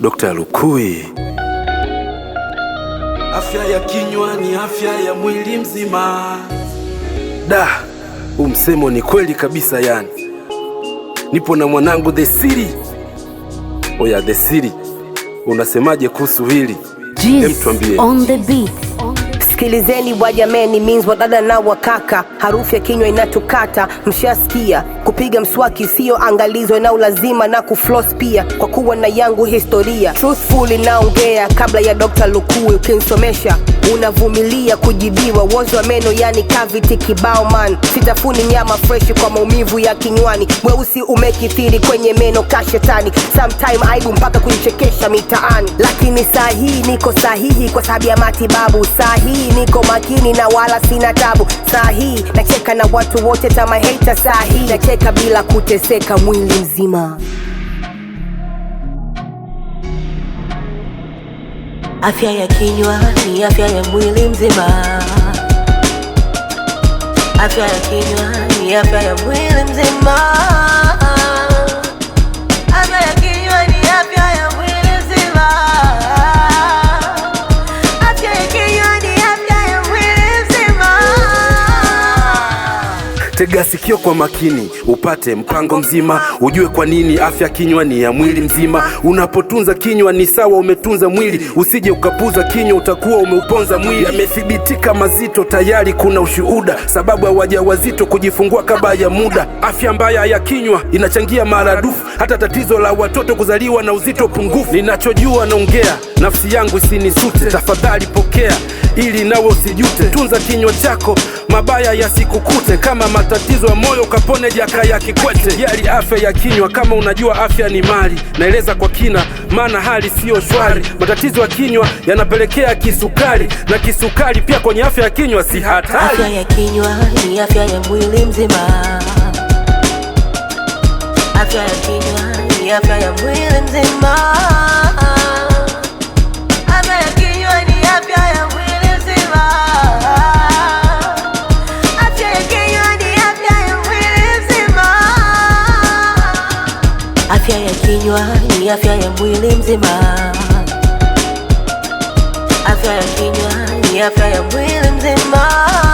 Dr. Lukui. Afya ya kinywa ni afya ya mwili mzima. Da, umsemo ni kweli kabisa yani. Nipo na mwanangu The Siri. Oya The Siri. Unasemaje kuhusu hili? Tuambie. On the beat. Sikilizeni bwajameni, means wadada na wakaka, harufu ya kinywa inatukata, mshasikia kupiga mswaki siyo angalizo na ulazima na kufloss pia, kwa kuwa na yangu historia truthfully naongea kabla ya Dr. Lukui, ukinsomesha unavumilia kujibiwa. Wozi wa meno yani cavity kibao man, sitafuni nyama freshi kwa maumivu ya kinywani. Weusi umekithiri kwenye meno kashetani, sometime aibu mpaka kunichekesha mitaani, lakini saa hii niko sahihi kwa sababu ya matibabu. Saa hii niko makini na wala sina tabu. Saa hii nacheka na watu wote tama hater. Saa hii nacheka kuteseka bila kuteseka mwili mzima. Afya ya kinywa ni afya ya mwili mzima. Afya ya kinywa ni afya ya mwili mzima. Tega sikio kwa makini upate mpango mzima, ujue kwa nini afya kinywa ni ya mwili mzima. Unapotunza kinywa ni sawa umetunza mwili, usije ukapuza kinywa, utakuwa umeuponza mwili. Yamethibitika mazito tayari, kuna ushuhuda, sababu ya wazito kujifungua kabla ya muda. Afya mbaya ya kinywa inachangia maradufu, hata tatizo la watoto kuzaliwa na uzito pungufu. Ninachojua naongea, nafsi yangu isinisute, tafadhali pokea ili nawe usijute. Tunza kinywa chako, mabaya yasikukute kama matatizo ya moyo ukapone Jakaya Kikwete. Jali afya ya kinywa, kama unajua afya ni mali. Naeleza kwa kina, maana hali siyo shwari. Matatizo ya kinywa yanapelekea kisukari, na kisukari pia kwenye afya ya kinywa si hatari. Afya ya kinywa ni afya ya mwili mzima. Afya ya kinywa ni afya ya mwili mzima. Afya ya kinywa ni afya ya mwili mzima. Afya ya kinywa ni afya ya mwili mzima.